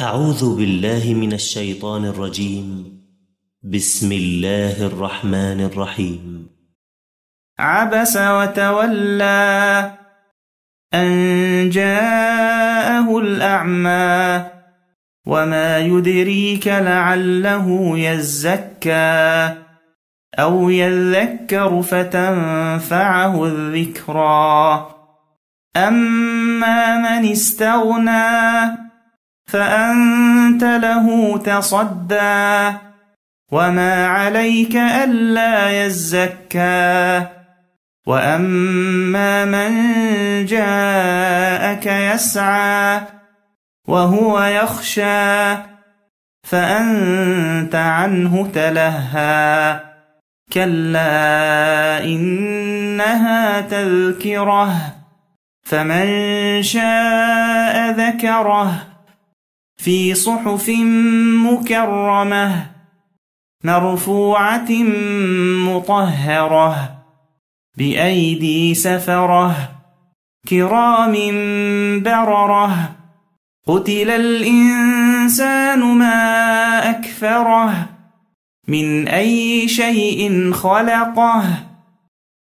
أعوذ بالله من الشيطان الرجيم بسم الله الرحمن الرحيم عبس وتولى أن جاءه الأعمى وما يدريك لعله يزكى أو يذكر فتنفعه الذكرى أما من استغنى فأنت له تصدى وما عليك ألا يزكى وأما من جاءك يسعى وهو يخشى فأنت عنه تلهى كلا إنها تذكره فمن شاء ذكره في صحف مكرمة مرفوعة مطهرة بأيدي سفرة كرام بررة قتل الإنسان ما أكفره من أي شيء خلقه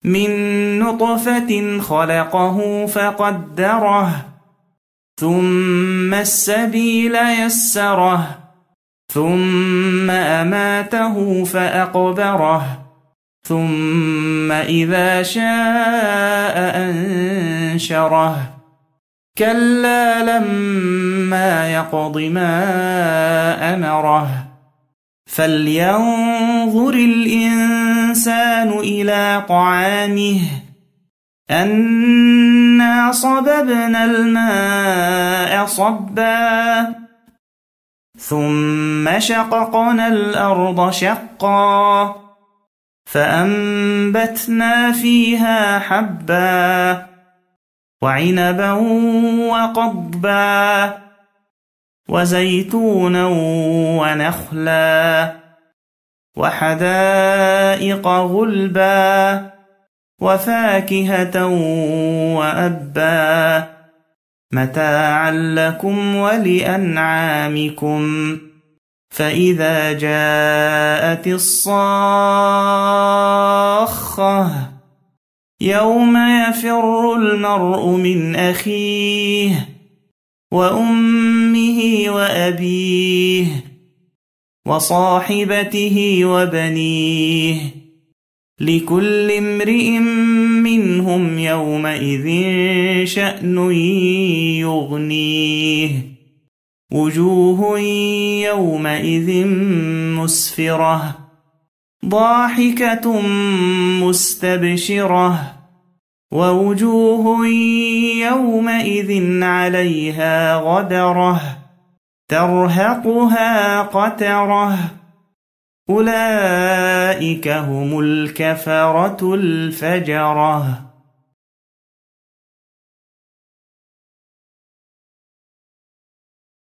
من نطفة خلقه فقدره ثم السبيل يسره ثم أماته فأقبره ثم إذا شاء أنشره كلا لما يقض ما أمره فلينظر الإنسان إلى طعامه أن أنا صببنا الماء صبا ثم شققنا الأرض شقا فأنبتنا فيها حبا وعنبا وقضبا وزيتونا ونخلا وحدائق غلبا وفاكهة وأبا متاعا لكم ولأنعامكم فإذا جاءت الصاخة يوم يفر المرء من أخيه وأمه وأبيه وصاحبته وبنيه لكل امرئ منهم يومئذ شأن يغنيه وجوه يومئذ مسفرة ضاحكة مستبشرة ووجوه يومئذ عليها غدرة ترهقها قتره أولئك هم الكفرة الفجرة